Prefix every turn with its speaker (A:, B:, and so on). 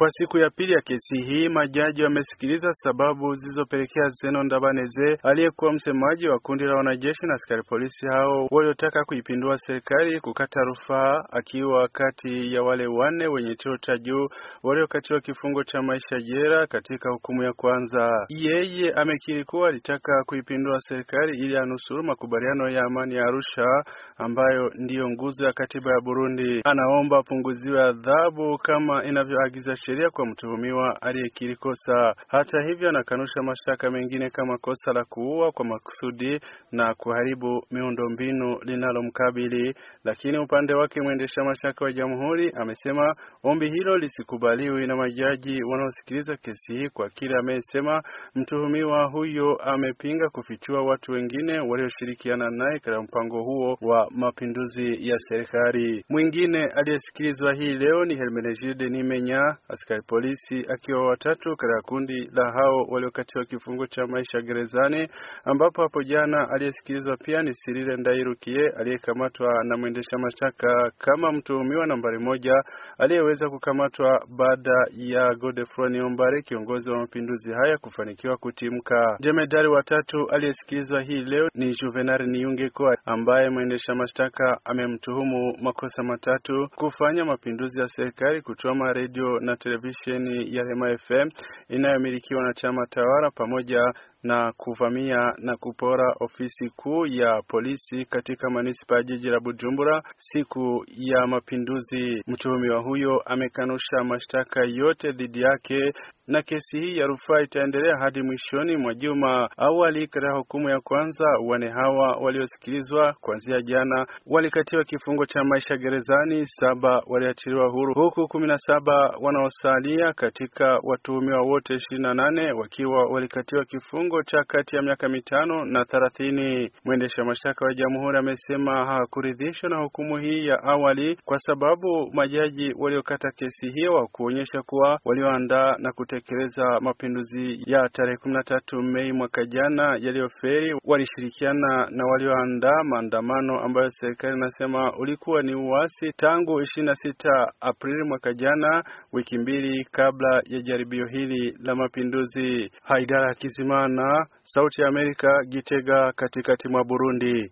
A: Kwa siku ya pili ya kesi hii majaji wamesikiliza sababu zilizopelekea Zeno Ndabaneze aliyekuwa msemaji wa kundi la wanajeshi na askari polisi hao waliotaka kuipindua serikali kukata rufaa, akiwa kati ya wale wanne wenye cheo cha juu waliokatiwa kifungo cha maisha jela katika hukumu ya kwanza. Yeye amekiri kuwa alitaka kuipindua serikali ili anusuru makubaliano ya amani ya Arusha ambayo ndiyo nguzo ya katiba ya Burundi. Anaomba apunguziwe adhabu kama inavyoagiza sheria kwa mtuhumiwa aliyekiri kosa. Hata hivyo, anakanusha mashtaka mengine kama kosa la kuua kwa makusudi na kuharibu miundombinu linalomkabili, lakini upande wake mwendesha mashtaka wa jamhuri amesema ombi hilo lisikubaliwi na majaji wanaosikiliza kesi hii kwa kile amesema mtuhumiwa huyo amepinga kufichua watu wengine walioshirikiana naye katika mpango huo wa mapinduzi ya serikali. Mwingine aliyesikilizwa hii leo ni Hermenegilde Nimenya askari polisi akiwa watatu katika kundi la hao waliokatiwa kifungo cha maisha gerezani, ambapo hapo jana aliyesikilizwa pia ni Sirile Ndairukie aliyekamatwa na mwendesha mashtaka kama mtuhumiwa nambari moja aliyeweza kukamatwa baada ya Godefroid Niyombare, kiongozi wa mapinduzi haya, kufanikiwa kutimka. Jemedari watatu aliyesikilizwa hii leo ni Juvenal Niyungeko ambaye mwendesha mashtaka amemtuhumu makosa matatu: kufanya mapinduzi ya serikali, kuchoma redio na televisheni ya Rema FM inayomilikiwa na chama tawala pamoja na kuvamia na kupora ofisi kuu ya polisi katika manispa ya jiji la Bujumbura siku ya mapinduzi. Mtuhumiwa huyo amekanusha mashtaka yote dhidi yake na kesi hii ya rufaa itaendelea hadi mwishoni mwa juma. Awali, katika hukumu ya kwanza, wane hawa waliosikilizwa kuanzia jana walikatiwa kifungo cha maisha gerezani, saba waliachiliwa huru huku kumi na saba wanaos salia katika watuhumiwa wote nane wakiwa walikatiwa kifungo cha kati ya miaka mitano na thelathini Mwendesha mashtaka wa jamhuri amesema hakuridhishwa na hukumu hii ya awali kwa sababu majaji waliokata kesi hiyo kuonyesha kuwa walioandaa na kutekeleza mapinduzi ya tarehe tatu Mei mwaka jana yaliyoferi walishirikiana na walioandaa maandamano ambayo serikali inasema ulikuwa ni uasi tangu 26 Aprili mwaka jana wiki mbili kabla ya jaribio hili la mapinduzi. Haidara Kizimana, Sauti ya Amerika, Gitega katikati mwa Burundi.